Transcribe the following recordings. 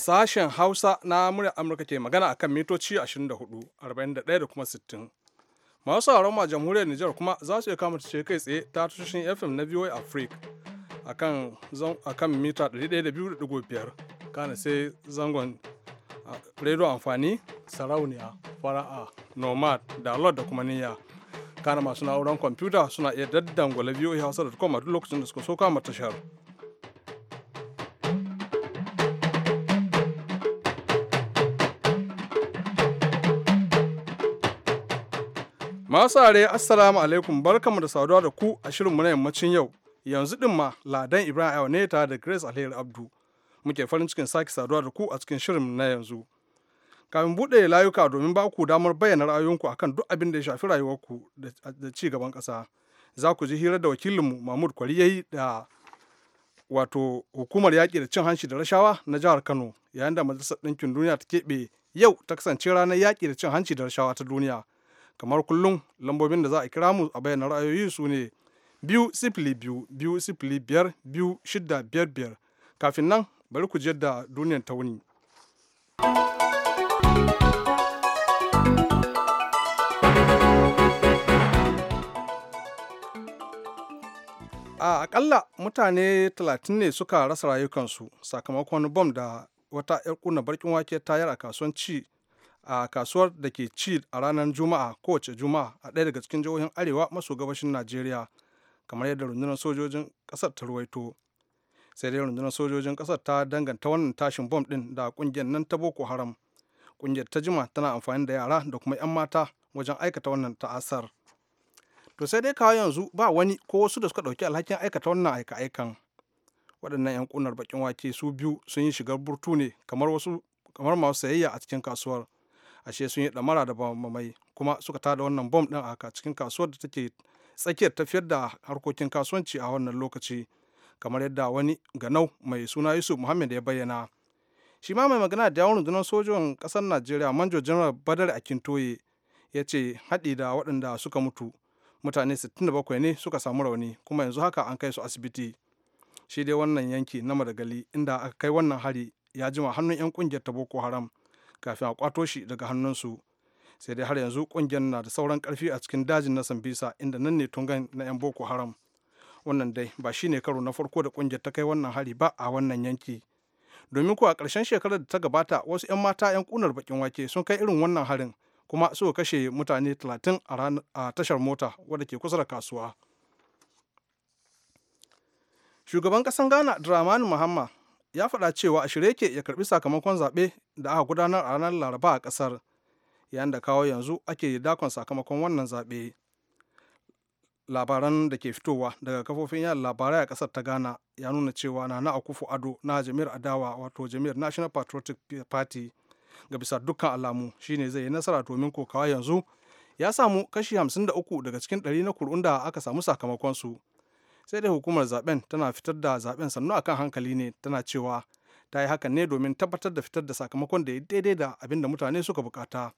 Sashen Hausa na murya Amurka ke magana a kan mitoci 24, 41 da kuma 60. Masu sauraron ma jamhuriyar Nijar kuma za su iya kama ce kai tsaye ta tashoshin FM na VOA Africa a kan mita 102.5 kana sai zangon rediyo amfani sarauniya fara'a nomad da lord da kuma niyya kana masu na'urar kwamfuta suna iya daddangwala voa hausa da kuma duk lokacin da suka soka tashar. Masu assalamu alaikum barkamu da saduwa da ku a shirinmu na yammacin yau yanzu din ma ladan Ibrahim Ayo ne da Grace Alheri Abdu muke farin cikin sake saduwa da ku a cikin shirin na yanzu. kamin buɗe layuka domin ba ku damar bayyana ra'ayoyinku akan duk abin da ya shafi rayuwarku da ci gaban ƙasa. Za ku ji hirar da wakilinmu Mahmud Kwariyayi da wato hukumar yaƙi da cin hanci da rashawa na jihar Kano yayin da Majalisar Ɗinkin Duniya ta keɓe yau ta kasance ranar yaƙi da cin hanci da rashawa ta duniya. kamar kullum lambobin da za a kira mu a bayyana ra'ayoyi su ne biyu sifili biyu biyu sifili biyar biyu shida biyar biyar kafin nan bari ku jiyar da duniyar tauni. a akalla mutane talatin ne suka rasa rayukansu sakamakon bom da wata 'yar kuna barkin wake tayar a kasuwanci a kasuwar da ke ci a ranar juma'a kowace juma'a a ɗaya daga cikin jihohin arewa maso gabashin najeriya kamar yadda rundunar sojojin ƙasar ta ruwaito sai dai rundunar sojojin ƙasar ta danganta wannan tashin bom ɗin da ƙungiyar nan ta boko haram ƙungiyar ta jima tana amfani da yara da kuma 'yan mata wajen aikata wannan ta'asar to sai dai kawo yanzu ba wani ko wasu da suka ɗauki alhakin aikata wannan aika-aikan waɗannan 'yan ƙunar bakin wake su biyu sun yi shigar burtu ne kamar kamar masu sayayya a cikin kasuwar ashe sun yi damara da bamamai kuma suka tada wannan bom din a cikin kasuwar da take tsakiyar tafiyar da harkokin kasuwanci a wannan lokaci kamar yadda wani ganau mai suna yusuf muhammad ya bayyana shi ma mai magana da yawon rundunar sojojin kasar najeriya manjo general badar akintoye ya ce haɗi da waɗanda suka mutu mutane 67 ne suka samu rauni kuma yanzu haka an kai su asibiti shi dai wannan yanki na madagali inda aka kai wannan hari ya jima hannun 'yan kungiyar ta boko haram kafin a kwato shi daga hannunsu sai dai har yanzu kungiyar na da sauran karfi a cikin dajin na sambisa inda nan ne tungan na 'yan boko haram wannan dai ba shi ne karo na farko da kungiyar ta kai wannan hari ba a wannan yanki domin kuwa a ƙarshen shekarar da ta gabata wasu 'yan mata 'yan kunar bakin wake sun kai irin wannan harin kuma suka kashe mutane 30 a tashar mota wadda ke kusa da kasuwa shugaban ƙasar ghana dramani muhammad ya faɗa cewa a shirye yake ya karɓi sakamakon zaɓe da aka gudanar a ranar laraba a ƙasar yayin da kawo yanzu ake dakon sakamakon wannan zaɓe labaran da ke fitowa daga kafofin yada labarai a ƙasar ta ghana ya nuna cewa nana akufu ado na jami'ar adawa wato jami'ar national patriotic party ga bisa dukkan alamu shine zai yi nasara domin kokawa yanzu ya samu kashi hamsin da uku daga cikin ɗari na kur'un da aka samu sakamakonsu sai dai hukumar zaben tana fitar da zaben sannu akan hankali ne tana cewa ta yi hakan ne domin tabbatar da fitar da sakamakon da ya daidai da abin da mutane suka bukata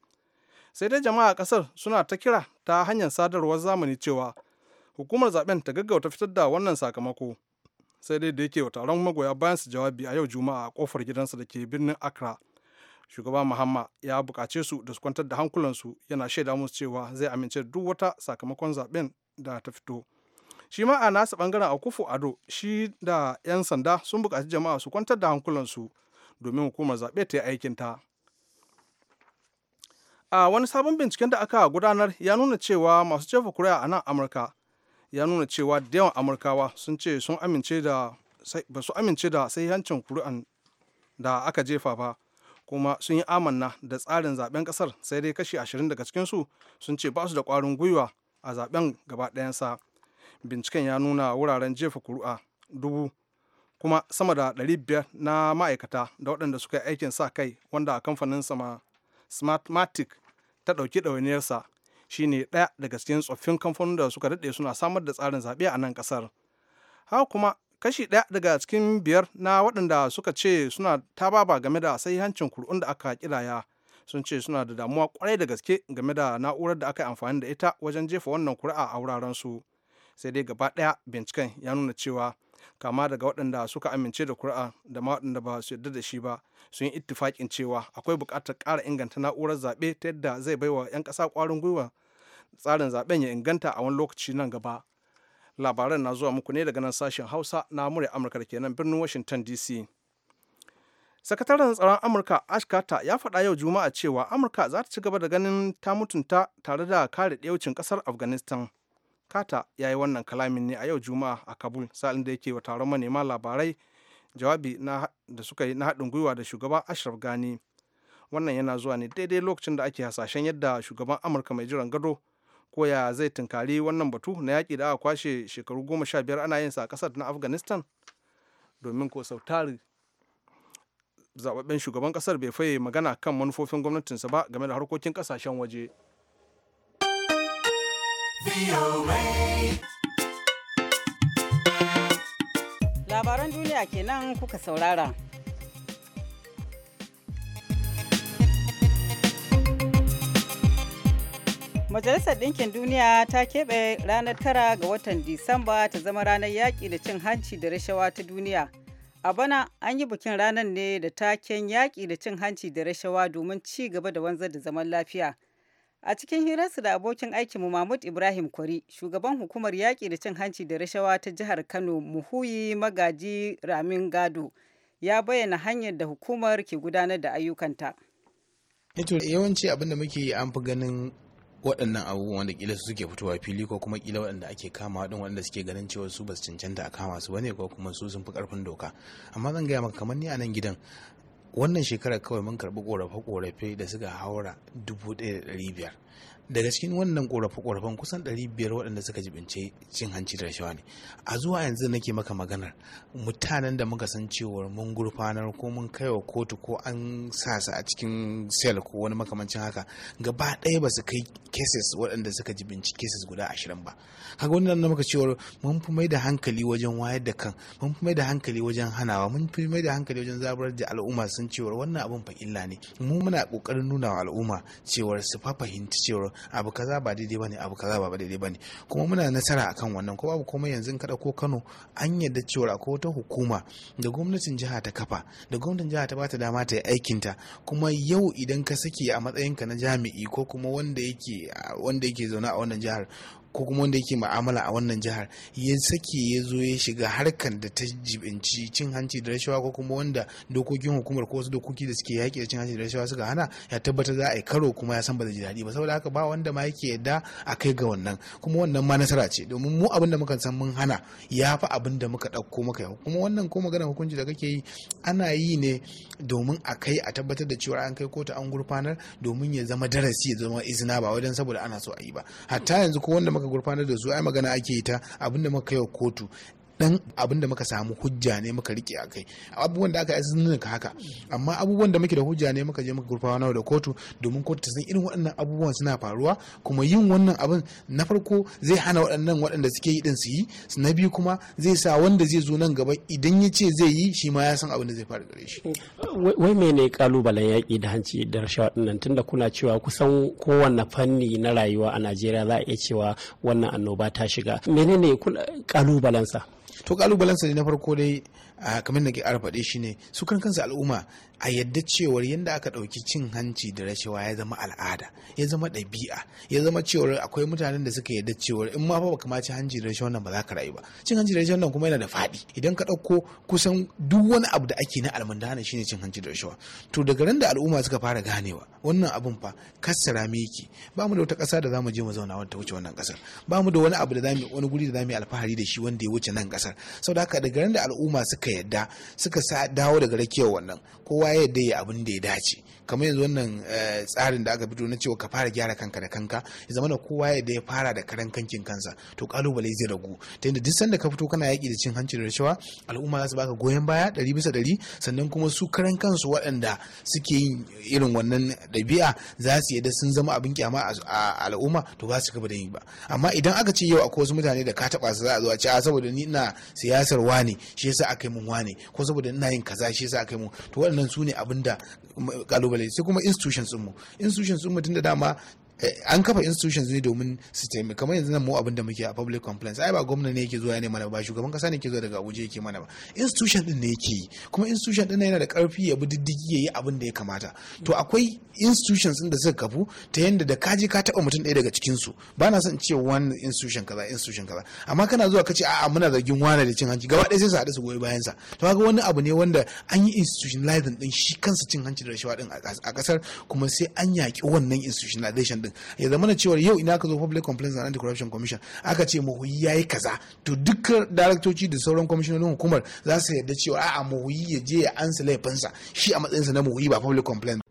sai dai jama'a a kasar suna ta kira ta hanyar sadarwar zamani cewa hukumar zaben ta gaggauta fitar da wannan sakamako sai dai da yake wa taron magoya bayan su jawabi a yau juma'a a kofar gidansa da ke birnin accra shugaba mahamma ya bukace su da su kwantar da hankulansu yana shaida musu cewa zai amince duk wata sakamakon zaben da ta fito shi ma a nasa bangaren a kufu ado shi da 'yan sanda sun bukaci jama'a su kwantar da hankulansu domin hukumar zaɓe ta yi aikinta a wani sabon binciken da aka gudanar ya nuna cewa masu jefa kuri'a a nan amurka ya nuna cewa da yawan amurkawa sun ce sun amince da ba su amince da sahihancin kuri'an da aka jefa ba kuma sun yi amanna da tsarin zaben kasar sai dai kashi 20 daga cikinsu sun ce ba su da kwarin gwiwa a zaben gaba ɗayansa binciken ya nuna wuraren jefa kuru'a dubu kuma sama da 500 na ma'aikata da waɗanda suka yi aikin sa kai wanda a kamfanin smartmatic ta ɗauki ɗawainiyarsa shi ne ɗaya daga cikin tsoffin kamfanin da suka daɗe suna samar da tsarin zaɓe a nan ƙasar haka kuma kashi ɗaya daga cikin biyar na waɗanda suka ce suna ta tababa game da sai hancin kur'un da aka kiraya sun ce suna da damuwa kwarai da gaske game da na'urar da aka yi amfani da ita wajen jefa wannan kuri'a a wuraren su sai dai gaba ɗaya binciken ya nuna cewa kama daga waɗanda suka amince da kuri'a da ma waɗanda ba su yarda da shi ba sun yi ittifakin cewa akwai buƙatar ƙara inganta na'urar zaɓe ta yadda zai baiwa 'yan ƙasa ƙwarin gwiwa tsarin zaɓen ya inganta a wani lokaci nan gaba labaran na zuwa muku ne daga nan sashen hausa na murya amurka da kenan birnin washington dc sakataren tsaron amurka ash carter ya faɗa yau juma'a cewa amurka za ta ci gaba da ganin ta mutunta tare da kare ɗaucin ƙasar afghanistan kata ya yi wannan kalamin ne a yau juma'a a kabul sa'in da yake wa taron manema labarai jawabi da suka yi na haɗin gwiwa da shugaba ashraf gani wannan yana zuwa ne daidai lokacin da ake hasashen yadda shugaban amurka mai jiran gado ko ya zai tunkari wannan batu na yaƙi da aka kwashe shekaru goma sha biyar ana yin sa a ƙasar na afghanistan domin ko sautari zababben shugaban ƙasar bai faye magana kan manufofin gwamnatinsa ba game da harkokin ƙasashen waje. Labaran duniya kenan kuka saurara. Majalisar Ɗinkin Duniya ta keɓe ranar tara ga watan Disamba ta zama ranar yaƙi da cin hanci da rashawa ta duniya. A bana an yi bikin ranar ne da taken yaƙi da cin hanci da rashawa domin ci gaba da wanzar da zaman lafiya. A cikin hirarsu da abokin mu Mahmud Ibrahim Kwari, shugaban hukumar yaƙi da cin hanci da rashawa ta jihar Kano Muhuyi Magaji Ramin Gado ya bayyana hanyar da hukumar ke gudanar da ayyukanta. Ito eh yawanci abinda da muke yi an fi ganin waɗannan abubuwan da kila suke fitowa fili ko kuma kila waɗanda ake kama waɗin waɗanda suke ganin cewa su basu cancanta a kama su bane ko kuma su sun fi ƙarfin doka amma zan gaya maka kamar ni a nan gidan wannan shekarar kawai mun karɓi ƙorafe-ƙorafe da suka haura 1,500 daga cikin wannan korafe-korafen kusan 500 waɗanda suka jibince cin hanci da rashawa ne a zuwa yanzu nake maka maganar mutanen da muka san cewar mun gurfanar ko mun kaiwa kotu ko an sa su a cikin sel ko wani makamancin haka gaba ɗaya ba su kai cases waɗanda suka jibinci cases guda ashirin ba haka wannan na muka cewar mun fi mai da hankali wajen wayar da kan mun fi mai da hankali wajen hanawa mun fi mai da hankali wajen zabar da al'umma sun cewar wannan abin fa illa ne mu muna ƙoƙarin nuna wa al'umma cewar su fa fahimci cewar abu kaza ba daidai bane abu kaza ba daidai bane kuma muna nasara akan wannan ko babu komai yanzu kada ko Kano an yadda cewa ko wata hukuma da gwamnatin jiha ta kafa da gwamnatin jiha ta bata dama ta yi ta kuma yau idan ka saki a matsayinka na jami'i ko kuma wanda yake wanda yake zaune a wannan jihar ko kuma wanda yake ma'amala a wannan jihar ya sake ya zo ya shiga harkar da ta jibinci cin hanci da rashawa ko kuma wanda dokokin hukumar ko wasu dokoki da suke yaƙi da cin hanci da rashawa suka hana ya tabbatar za a yi karo kuma ya san ba da ji ba saboda haka ba wanda ma yake yadda a kai ga wannan kuma wannan ma nasara ce domin mu abin da muka san mun hana ya fi abin da muka ɗauko muka yau kuma wannan ko magana hukunci da kake yi ana yi ne domin a kai a tabbatar da cewa an kai kotu an gurfanar domin ya zama darasi ya zama izina ba wajen saboda ana so a yi ba hatta yanzu ko wanda muka gurfanar da su ai magana ake yi ta abinda muka kai wa kotu dan abin da muka samu hujja ne muka rike a kai abubuwan da aka yi nuna haka amma abubuwan da muke da hujja ne muka je muka gurfawa da kotu domin kotu ta san irin waɗannan abubuwan suna faruwa kuma yin wannan abin na farko zai hana waɗannan waɗanda suke yi din su yi na biyu kuma zai sa wanda zai zo nan gaba idan ya ce zai yi shi ma ya san abin da zai faru gare shi wai mene kalubalen yaƙi da hanci da rashawa dinnan tunda kuna cewa kusan kowanne fanni na rayuwa a Najeriya za a iya cewa wannan annoba ta shiga menene kalubalensa to sa ne na farko dai a kamar da ke arfaɗe shi ne su kan kansa al'umma a yadda cewar yadda aka ɗauki cin hanci da rashawa ya zama al'ada ya zama ɗabi'a ya zama cewar akwai mutanen da suka yadda cewar in ma ba ma cin hanci da rashawa nan ba za ka rayu ba cin hanci da rashawa nan kuma yana da faɗi idan ka ɗauko kusan duk wani abu da ake na almundana shine cin hanci da rashawa to daga ran da al'umma suka fara ganewa wannan abun fa kassara mu yake ba mu da wata ƙasa da za mu je mu zauna wanda ta wuce wannan ƙasar ba mu da wani abu da za mu wani guri da za mu yi alfahari da shi wanda ya wuce nan ƙasar saboda haka daga ran da al'umma suka yadda suka sa dawo daga rakiyar wannan kowa ya yadda ya abin da ya dace kamar yanzu wannan eh, tsarin da aka fito na cewa ka fara gyara kanka da kanka ya zama da kowa ya da ya fara da karan kankin kansa to kalubale zai ragu ta yadda duk sanda ka fito kana yaƙi da cin hanci da rashawa al'umma za su baka goyon baya dari bisa dari sannan kuma su karan kansu waɗanda suke yin irin wannan ɗabi'a za su yadda sun zama abin kyama a al'umma to ba su gaba da yi ba amma idan aka ce yau akwai wasu mutane da ka taɓa su za a zo a ce a saboda ni ina siyasar wane shi yasa aka yi mun wane ko saboda ina yin kaza shi yasa aka yi mun to waɗannan su ne abin da kalubale sai kuma institutions mu institutions mu tun da dama Eh, an kafa institutions ne domin su taimaka kamar yanzu nan mu abin da muke a public complaints ai ba gwamna ne yake zuwa ne mana ba shugaban kasa ne yake zuwa daga Abuja yake mana ba institution din ne yake yi kuma institution din yana da karfi ya bi diddigi yayi abin da ya kamata to akwai institutions din da suka kafu ta yanda da kaji ka taba mutum ɗaya daga cikin su ba na son ce one institution kaza institution kaza amma kana zuwa kace a'a muna zargin wani da cin hanci gaba ɗaya sai su haɗu su goyi bayan sa to kaga wani abu ne wanda an yi institutionalizing din shi kansa cin hanci da rashawa din a kasar kuma sai an yaƙi wannan institutionalization din complaints ya zama na cewa yau ina ka zo public complaints and anti-corruption commission aka ce mahuyi ya yi kaza to dukkan directoci da sauran commissionerin hukumar za su yarda cewa a'a mahuyi ya je ya ansa laifinsa shi a matsayinsa na mahuyi ba public complaints.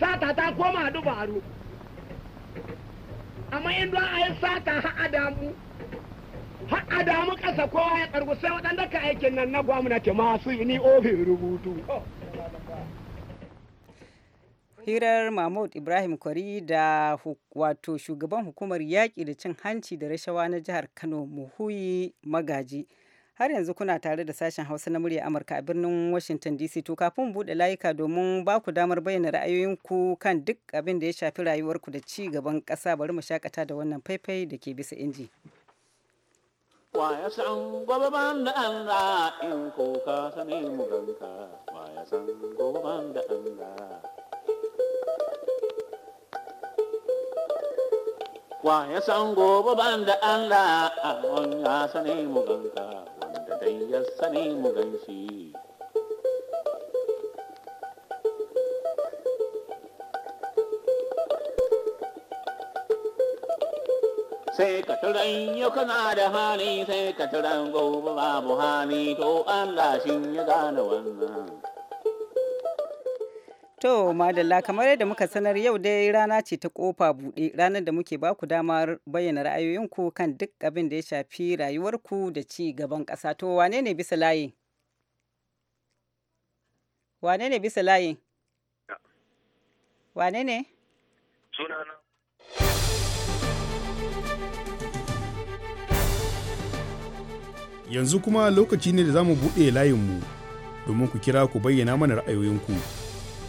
sata ta koma dubaru amma in don a yi sata ha adamu har adamu kasa kowa ya karbu sai waɗanda ka aikin nan na gwamnati masu yi ni ofin rubutu hirar mahmud ibrahim kwari da wato shugaban hukumar yaƙi da cin hanci da rashawa na jihar kano muhuyi magaji har yanzu kuna tare da sashen hausa na murya amurka a birnin washington dc to kafin buɗe layuka domin ba ku damar bayyana ra'ayoyinku kan duk abin da ya shafi rayuwarku da ci gaban ƙasa bari mu shakata da wannan faifai da ke bisa inji wa Allah in ko ka wa ya san gobe ban da Allah an ya sani mu ganka wanda dai ya sani mu ganshi sai ka turan yau kana da hali sai ka turan gobe babu hali to Allah shi ya gane wannan To madalla kamar yadda muka sanar yau dai rana ce ta kofa buɗe ranar da muke baku damar bayyana ra'ayoyinku kan duk abin da ya shafi rayuwarku da ci gaban ƙasa. To wane ne bisa layi? Wane ne bisa layi? Wane ne? Yanzu kuma lokaci ne da za mu buɗe layinmu domin ku kira ku bayyana mana ra'ayoyinku.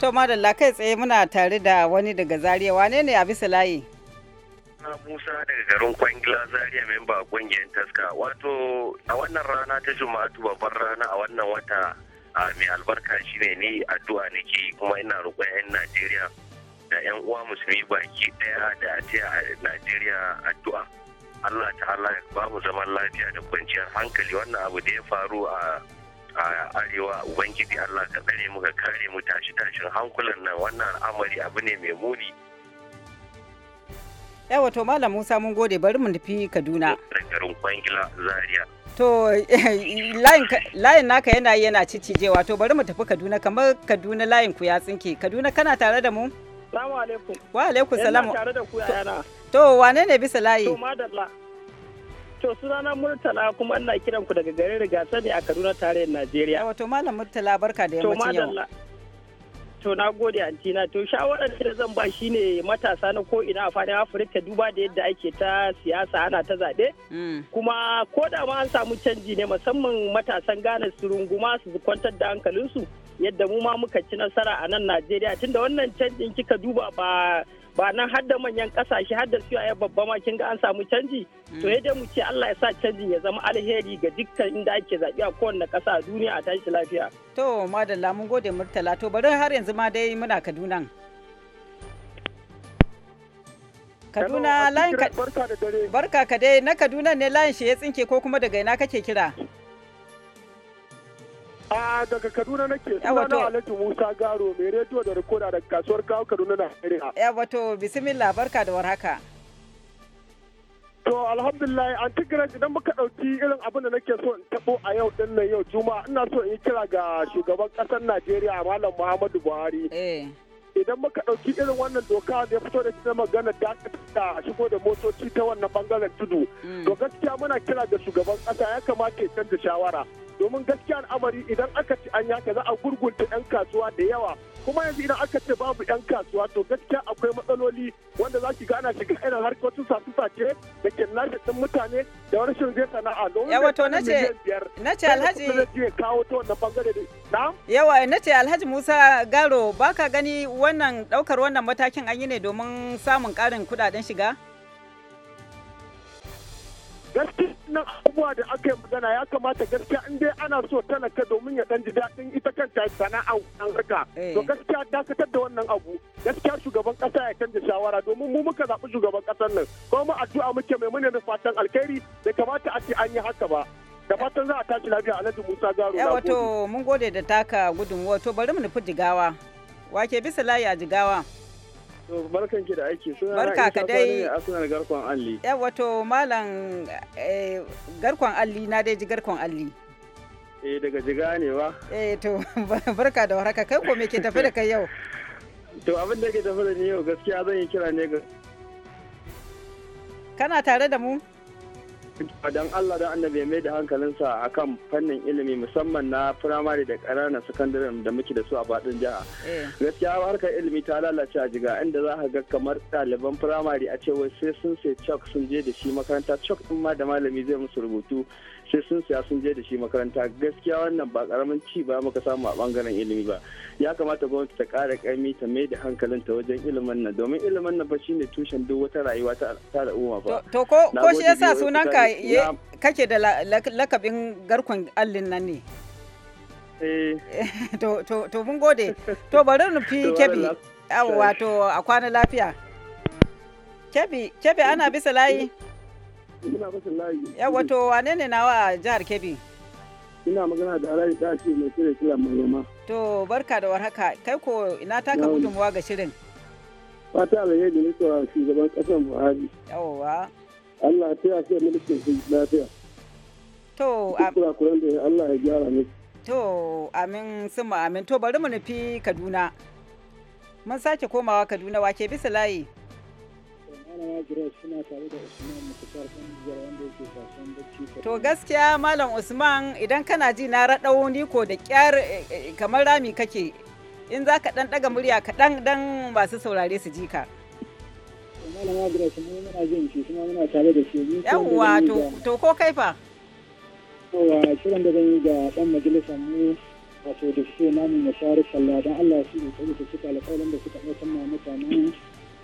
To madalla kai tsaye muna tare da wani daga zariya wane ne a bisa layi? na Musa daga garin Kwangila Zaria memba kungiyar taska wato a wannan rana ta Juma'atu babban rana a wannan wata a mai albarka shine ni addu'a nake kuma ina roƙon 'yan Najeriya da 'yan uwa musulmi baki daya da a ce a Najeriya addu'a. Allah ta'ala ya babu zaman lafiya da kwanciyar hankali wannan abu da ya faru a a arewa ubangiji allah ka tsare mu ka kare mu tashi tashin hankulan nan wannan al'amari abu ne mai muni yawa to malam musa mun gode bari mu nufi kaduna garin kwangila zaria to layin naka yana yana cicijewa to bari mu tafi kaduna kamar kaduna layin ku ya tsinke kaduna kana tare da mu salamu alaikum wa alaikum salam tare da ku yana to wane ne bisa layi to madalla To sunana Murtala kuma ina kiran ku daga garin riga ne a Kaduna tarayyar Najeriya. Ah, wato Malam Murtala barka da yammacin yau. To na gode antina to shawarar da zan ba ne matasa na ko ina a fadin Afirka duba da yadda ake ta siyasa ana ta zaɓe. Mm. Kuma ko da ma an samu canji ne musamman matasan Ghana su runguma su kwantar da hankalinsu yadda mu ma muka ci nasara a nan Najeriya tunda wannan canjin kika duba ba ba nan har da manyan kasashe har da a babba ma kin ga an samu canji to ya mm. dai mu ce Allah ya sa canji ya zama alheri ga dukkan inda ake zabi a kowanne kasa a duniya a tashi lafiya. To madalla mun gode Murtala to bari har yanzu ma dai muna Kaduna. Kaduna layin ka barka ka dai na Kaduna ne layin shi ya tsinke ko kuma daga ina kake kira? A daga Kaduna nake suna Alhaji Musa Garo mai rediyo da rikoda daga kasuwar kawo Kaduna na Najeriya. Ya wato bismillah barka da warhaka. To alhamdulillah an tigira idan muka ɗauki irin abin da nake so in tabo a yau din nan yau juma'a ina so in yi kira ga shugaban ƙasar Najeriya Malam Muhammadu Buhari. Eh. Idan muka ɗauki irin wannan doka da ya fito da ta magana da shigo da motoci ta wannan bangaren tudu. Mm. To gaskiya muna kira ga shugaban ƙasa ya kamata ya canza shawara. domin gaskiya al'amari idan aka ci an yaka za a gurgunta 'yan kasuwa da yawa kuma yanzu idan aka ce babu 'yan kasuwa to gaskiya akwai matsaloli wanda za ki gana shiga irin harkokin sasu sace da ke lashe mutane da rashin zai sana'a domin yawa to nace nace alhaji ya kawo ta wannan bangare da yawa nace alhaji musa garo baka gani wannan daukar wannan matakin an yi ne domin samun karin kudaden shiga gaskiya nan abubuwa da aka yi magana ya kamata gaskiya in dai ana so talaka domin ya ɗan ji daɗin ita kanta sana'a wannan harka eh. to gaskiya dakatar da wannan abu gaskiya shugaban ƙasa ya canza shawara domin mu muka zaɓi shugaban ƙasar nan kuma mu addu'a muke mai mune da fatan alkhairi da kamata a ce an yi haka ba da fatan za a tashi lafiya alhaji musa garo wato mun gode da taka gudunmuwa to bari mu nufi jigawa wake bisa layi a jigawa barkan ki da aiki suna barka ka dai asunan garkon alli eh wato malam garkon alli na dai ji garkon alli eh daga jiga ne ba eh to barka da warhaka kai ko me ke tafi da kai yau to abin da ke tafi da ni yau gaskiya zan yi kira ne ga kana tare da mu dan Allah dan annabi mai da hankalinsa akan fannin ilimi musamman na firamare da ƙananan sakandare da muke da su a faɗin jiha. Eh. Gaskiya harkar ilimi ta lalace a jiga inda za ka ga kamar ɗaliban firamare a cewa sai sun sai chalk sun je da shi makaranta chalk ɗin ma da malami zai musu rubutu sai sun siya sun je da shi makaranta gaskiya wannan ba karamin ci ba muka samu a bangaren ilimi ba ya kamata gwamnati ta kara kaimi ta mai da hankalin ta wajen ilimin nan domin ilimin nan ba shine tushen duk wata rayuwa ta al'umma ba to ko ko shi yasa ka kake da lakabin garkon allin nan ne eh. to mun gode to bari nufi kebi wato a kwana lafiya kebi kebi ana bisa layi Ina bashin layi. Yawa to wane ne nawa a jihar Kebbi? Ina magana da Alhaji Dashi mai shirya kila mai yamma. To barka da warhaka kai ko ina taka gudunmuwa ga shirin. Fata alheri ne to shugaban kasan Buhari. Yawa. Allah ta yashe mulkin lafiya. To a kuran da Allah ya gyara ne. To amin sun amin to bari mu nufi Kaduna. Mun sake komawa Kaduna wake bisa layi. To gaskiya Malam Usman idan kana ji na raɗau ni ko da ƙyar eh, eh, kamar rami kake in za ka ɗan ɗaga murya kaɗan dan masu saurare su ji ka. Yawwa to ko kai fa? Yawwa shirin da zan yi ga ɗan majalisar mu wato da su namun masarar sallah don Allah su ne kawai su cika alƙawarin da suka ɗaukar mutanen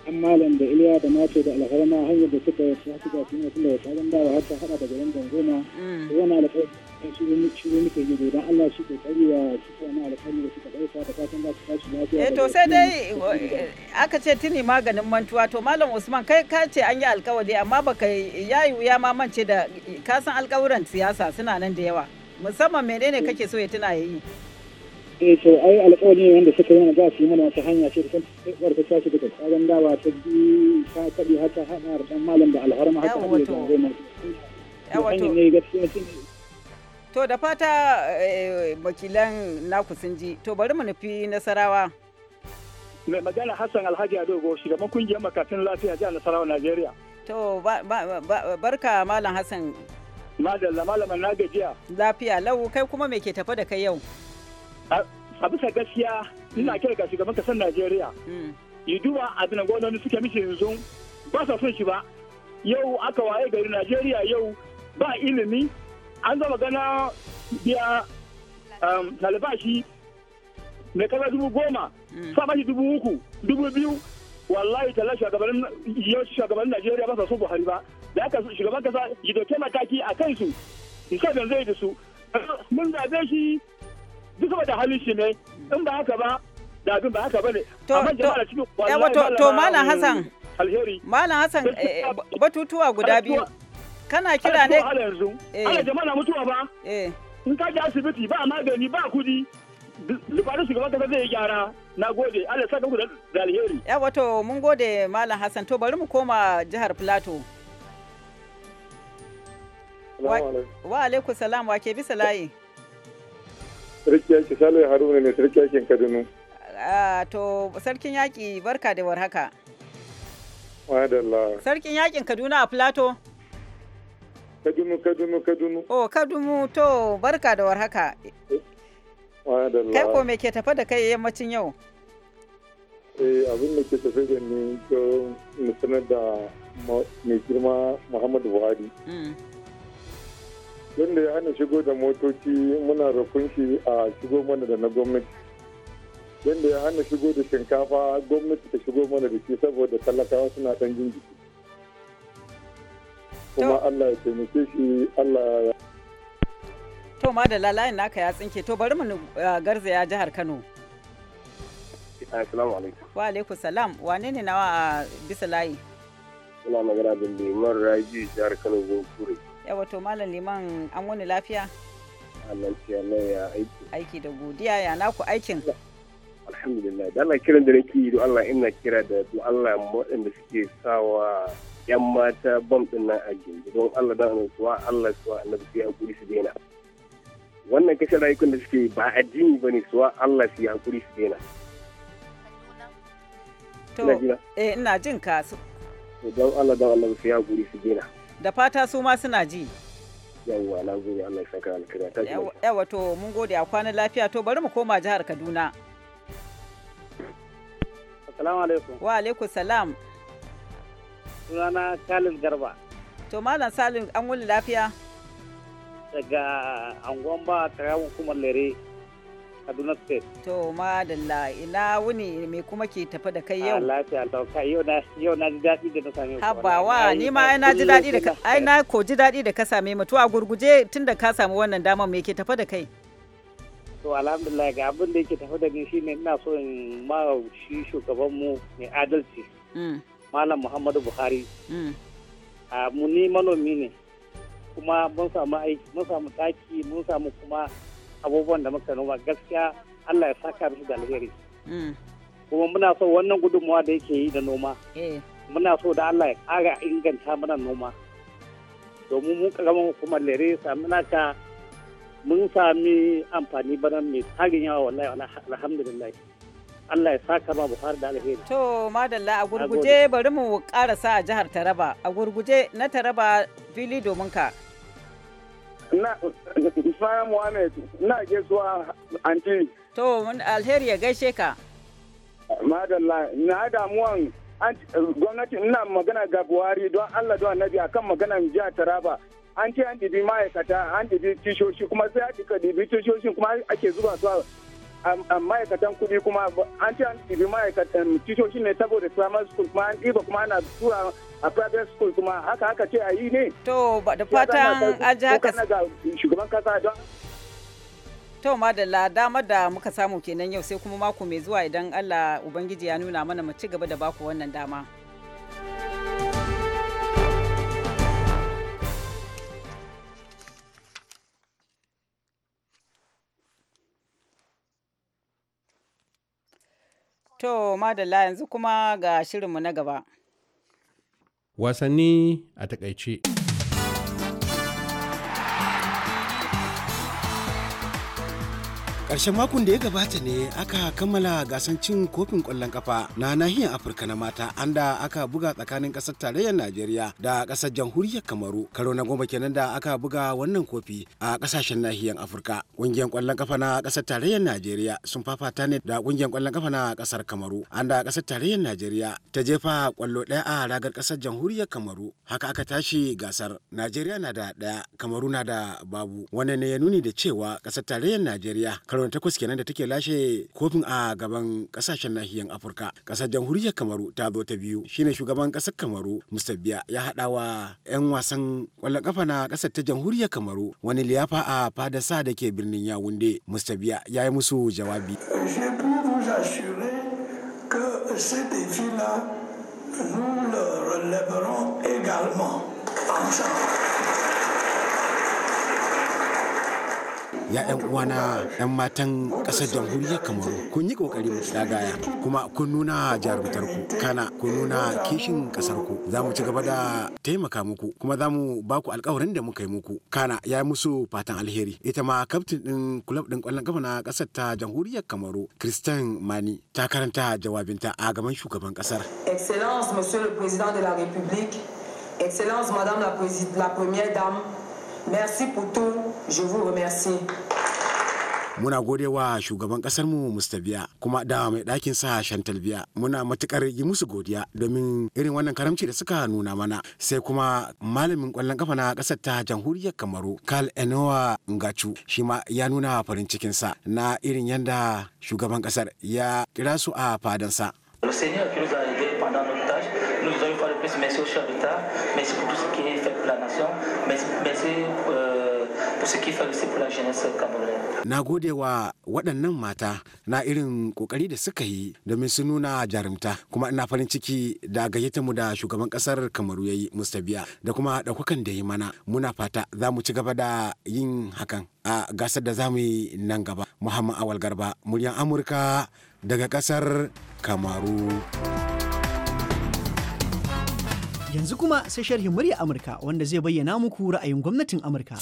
dan malam da iliya da mace da alharma hanyar da suka yi su ga suna tun da wata ban dawa har ta hada da garin dangoma mm. to wani alƙawari shi ne muke yi don Allah shi ke kokari shi ke wani alƙawari da suka ɗauka da fatan za su tashi lafiya eh to sai dai eh, aka ce tuni maganin mantuwa to malam Usman kai ka ce an yi alƙawari amma baka yayi wuya ma mance da kasan san alƙawuran siyasa suna nan da yawa musamman menene kake so ya tuna yayi eh to ai alƙawari ne wanda suka yi mana za su yi mana wata hanya ce da ta tashi daga tsarin dawa ta bi ta kabi haka haɗa dan malam da alharma haka ne da zai mai yawato ne gaskiya to da fata eh, wakilan naku sun ji to bari mu nufi nasarawa mai magana hassan alhaji ado go shugaban kungiyar makafin lafiya jihar nasarawa najeriya to barka malam hassan madalla malaman na gajiya lafiya lau kai kuma me ke tafa da kai yau a bisa gaskiya ina mm. kira ga shugaban kasar najeriya mm. yi duba abin da suke mishi yanzu ba sa son shi ba yau aka waye gari najeriya yau ba ilimi an zama gana biya um, albashi mai kala dubu goma mm. sa bashi dubu uku dubu biyu wallahi talla shugabannin shugabannin najeriya ba sa so buhari ba da aka shugaban kasa ya dauke mataki a kansu su sa zai da su mun zabe shi duk saboda halin shi ne in ba haka ba da abin ba haka bane amma jama'a cikin wallahi to to malam hasan alheri malam hasan eh, eh, batutuwa guda biyu kana kira ne ala yanzu eh. ala jama'a mutuwa ba eh in ka je asibiti ba magani ba kudi lubarin shugaban kasa zai yi gyara na gode Allah sa ku da alheri ya wato mun gode malam hasan to bari mu koma jihar plateau wa alaikum salam wa ke bisa layi Sarki yaki Sale Haruna ne sarki yakin Kaduna. To sarkin yaƙi barka da warhaka. Madalla. Sarkin yakin Kaduna a Plato. Kaduna Kaduna Kaduna. Oh Kaduna to barka da warhaka. Madalla. Kai ko me ke tafa da kai yammacin yau? Eh abin da ke tafe da ni to sanar da mai girma Muhammadu Buhari. Mm. yadda ya hana shigo da motoci muna roƙon shi a shigo mana da na gwamnati yadda ya hana shigo da shinkafa gwamnati ta shigo mana da shi saboda talakawa suna ɗan jin jiki kuma allah ya taimake shi allah ya to ma da lalayin naka ya tsinke to bari mu eh, garzaya jihar kano Wa alaikum salam. Wane ne nawa a bisa layi? Ina magana da Lemon Raji jihar Kano kure yawa to malam liman an wani lafiya lafiya na ya aiki aiki da godiya ya naku aikin alhamdulillah da Allah kiran da nake yi Allah ina kira da du Allah waɗanda suke sawa yan mata bam din nan a gindi don Allah dan suwa Allah suwa annabi sai hakuri su daina wannan kashe rayukan da suke ba addini bane suwa Allah su hakuri su daina to eh ina jin ka don Allah dan Allah su hakuri su daina da fata su ma suna ji yawwa na gode Allah ya saka alkira ta Yawwa to mun gode a kwanan lafiya to bari mu koma jihar Kaduna Assalamu alaikum wa alaikum salam sunana Salim Garba to malam Salim an wuni lafiya daga angon ba ta yawon kuma lere Kaduna State. To madalla ina wuni me kuma ke tafi da kai yau? ya lauka yau na yau na ji daɗi da na same ku. Habawa ni ma na ji daɗi da ai na ko ji daɗi da ka same mu to a gurguje tunda ka samu wannan damar me ke tafi da kai? To alhamdulillah ga abin da yake tafi da ni shine ina so in ma shi shugaban mu mai adalci. Mm. Malam Muhammadu Buhari. Mm. A mu ni manomi ne. kuma mun samu aiki mun samu taki mun samu kuma abubuwan da muka noma gaskiya Allah ya saka mishi da alheri mm. kuma muna so wannan gudunmawa da yake yi da noma eh. muna so da Allah ya ƙara inganta mana noma domin mun karamin hukumar lere sami naka mun sami amfani bana mai tarin yawa wallahi alhamdulillah Allah ya saka ma Buhari da alheri. To madalla a gurguje bari mu ƙarasa a jihar Taraba a gurguje na Taraba fili domin ka. na Ismail na gaisuwa anti. To alheri ya gaishe ka. Madalla na damuwan gwamnati ina magana ga Buhari don Allah don Annabi akan maganan jihar Taraba. An ce an dibi ma'aikata an dibi tishoshi kuma sai a dika dibi tishoshi kuma ake zuba su ma'aikatan kuɗi kuma an ce an ɗibi ma'aikatan titoshin ne saboda primary school kuma an ɗiba kuma ana tura a private school kuma haka haka ce a yi ne. To da fatan aji haka. shugaban kasa don. To madalla dama da muka samu kenan yau sai kuma mako mai zuwa idan Allah Ubangiji ya nuna mana mu ci gaba da baku wannan dama. To, madalla yanzu kuma ga shirinmu na gaba. Wasanni a takaice. karshen makon da ya gabata ne aka kammala gasan cin kofin kwallon kafa na nahiyar afirka na mata anda aka buga tsakanin kasar tarayyar najeriya da ƙasar jamhuriyar kamaru karo na goma kenan da aka buga wannan kofi a kasashen nahiyar afirka kungiyar kwallon kafa na kasar tarayyar najeriya sun fafata ne da kungiyar kwallon kafa na kasar kamaru anda da tarayyar najeriya ta jefa kwallo daya a ragar kasar jamhuriyar kamaru haka aka tashi gasar najeriya na da daya kamaru na da babu wannan ne ya nuni da cewa kasar tarayyar najeriya karo karo na takwas kenan da take lashe kofin a gaban kasashen nahiyar afirka kasar jamhuriyar kamaru ta zo ta biyu shine shugaban kasar kamaru musabbiya ya haɗa wa 'yan wasan kwallon kafa na kasar ta jamhuriyar kamaru wani liyafa a fada sa da ke birnin yawunde musabbiya ya yi musu jawabi nous le relèverons également ya ɗan uwana yan matan ƙasar jamhuriyar kamaru kun yi kokari mu gaya kuma kun nuna jarumtar ku kana kun nuna kishin ƙasar ku za mu ci gaba da taimaka muku kuma za mu ba ku alkawarin da muka yi muku kana ya musu fatan alheri ita ma kaftin ɗin kulab ɗin kwallon kafa na ƙasar ta jamhuriyar kamaru christian mani ta karanta jawabinta a gaban shugaban ƙasar. excellence monsieur le président de la république excellence madame la première dame Merci pour tout. Je vous remercie. muna gode wa shugaban kasar mu Mr. Biya kuma da mai ɗakin sa Shantal Biya muna matukar yi musu godiya domin irin wannan karamci da suka nuna mana sai kuma malamin kwallon kafa na kasar ta jamhuriyar Kamaru Karl Enowa Ngachu shi ma ya nuna farin cikin sa na irin yanda shugaban kasar ya kira su a fadansa. merci au chef d'État, merci pour tout ce qui est fait pour la nation, merci, merci euh, pour ce qui fait aussi pour la jeunesse camerounaise. Na gode wa waɗannan mata na irin ƙoƙari da suka yi domin su nuna jarumta kuma ina farin ciki da gayyata mu da shugaban ƙasar Kamaru ya yi Mustabiya da kuma ɗaukakan da ya mana muna fata za mu ci gaba da yin hakan a gasar da za mu yi nan gaba. Muhammad Awal Garba, muryan Amurka daga ƙasar Kamaru. Yanzu kuma sai sharhin murya Amurka wanda zai bayyana muku ra'ayin gwamnatin Amurka.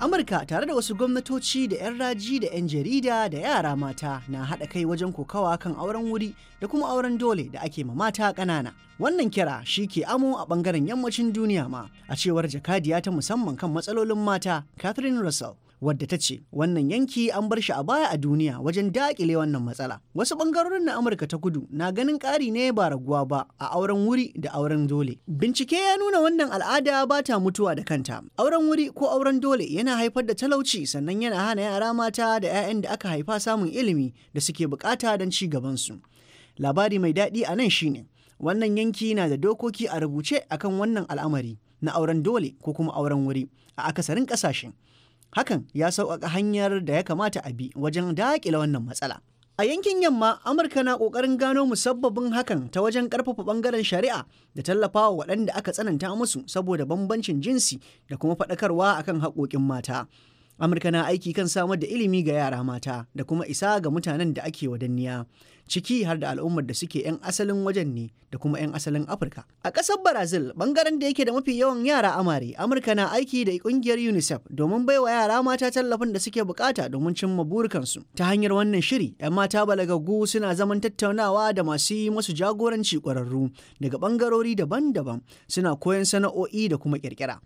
Amurka tare da wasu gwamnatoci da 'yan raji da 'yan jarida da yara mata na haɗa kai wajen kokawa kan auren wuri da kuma auren dole da ake ma mata ƙanana. Wannan kira shi ke amo a ɓangaren yammacin duniya ma, a cewar jakadiya ta musamman kan matsalolin mata Catherine Russell. wadda ta ce wannan yanki an bar shi a baya a duniya wajen dakile wannan matsala wasu bangarorin na amurka ta kudu na ganin ƙari ne ba raguwa ba a auren wuri da auren dole bincike ya nuna wannan al'ada ba ta mutuwa da kanta auren wuri ko auren dole yana haifar da talauci sannan yana hana yara mata da 'ya'yan da aka haifa samun ilimi da suke bukata don ci gaban su. labari mai daɗi a nan shine wannan yanki na da dokoki a rubuce akan wannan al'amari na auren dole ko kuma auren wuri a akasarin ƙasashen Hakan ya sauƙaƙa hanyar da ya kamata a bi wajen daƙila wannan matsala. A yankin yamma, Amurka na ƙoƙarin gano musabbabin hakan ta wajen ƙarfafa ɓangaren shari'a da tallafawa waɗanda aka tsananta musu saboda bambancin jinsi da kuma faɗakarwa akan haƙoƙin mata. Amurka na aiki kan samar da ilimi ga yara mata da kuma isa ga mutanen da ake wadanniya ciki har da al'ummar da suke 'yan asalin wajen ne da kuma 'yan asalin Afirka. A ƙasar Brazil bangaren da yake da mafi yawan yara amare Amurka na aiki da ƙungiyar UNICEF domin baiwa yara mata tallafin da suke bukata domin cimma burukansu. Ta hanyar wannan shiri 'yan mata balagaggu suna zaman tattaunawa da masu yi musu jagoranci ƙwararru daga bangarori daban-daban suna koyon sana'o'i da kuma ƙirƙira.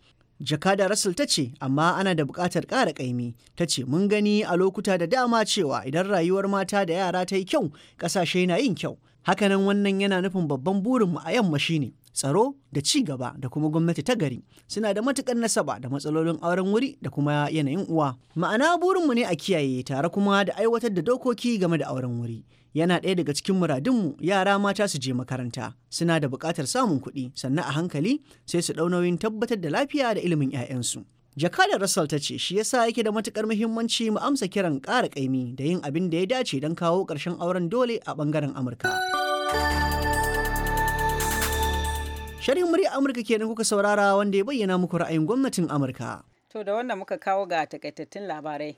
Jakada Russell ta ce, amma ana da bukatar ƙara ƙaimi. Ta ce, mun gani a lokuta da dama cewa idan rayuwar mata da yara ta yi kyau, ƙasashe na yin kyau. Hakanan wannan yana nufin babban burinmu a yamma shine tsaro da ci gaba da kuma gwamnati ta gari suna da matukar nasaba da matsalolin auren wuri da kuma yanayin uwa. Ma'ana burinmu ne a kiyaye tare kuma da aiwatar da dokoki game da auren wuri. yana ɗaya daga cikin muradinmu yara mata su je makaranta suna da buƙatar samun kuɗi sannan a hankali sai su ɗau nauyin tabbatar da lafiya da ilimin 'ya'yansu. jakadar Russell ta ce shi yasa yake da matukar muhimmanci mu amsa kiran ƙara ƙaimi da yin abin da ya dace don kawo ƙarshen auren dole a ɓangaren Amurka. Shirin murya Amurka kenan kuka saurara wanda ya bayyana muku ra'ayin gwamnatin Amurka. To da wanda muka kawo ga takaitattun labarai.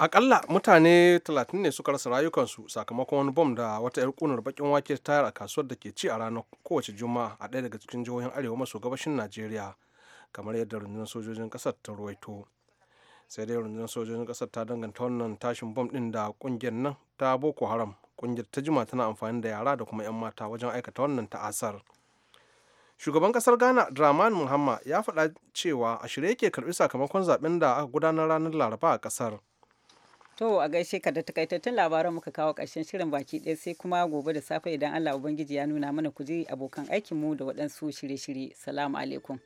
akalla mutane 30 ne suka rasa rayukansu sakamakon wani bom da wata 'yar kunar bakin wake ta tayar a kasuwar da ke ci a ranar kowace juma'a a ɗaya daga cikin jihohin arewa maso gabashin najeriya kamar yadda rundunar sojojin kasar ta ruwaito sai dai rundunar sojojin kasar ta danganta wannan tashin bom ɗin da ƙungiyar nan ta boko haram ƙungiyar ta jima tana amfani da yara da kuma 'yan mata wajen aikata wannan ta'asar shugaban kasar ghana draman muhammad ya faɗa cewa a shirye yake karɓi sakamakon zaben da aka gudanar ranar laraba a kasar To a gaishe ka da takaitattun labaran muka kawo karshen shirin baki ɗaya sai kuma gobe da safe idan Allah Ubangiji ya nuna mana ku je abokan aikinmu da waɗansu shirye-shirye. Salamu alaikum.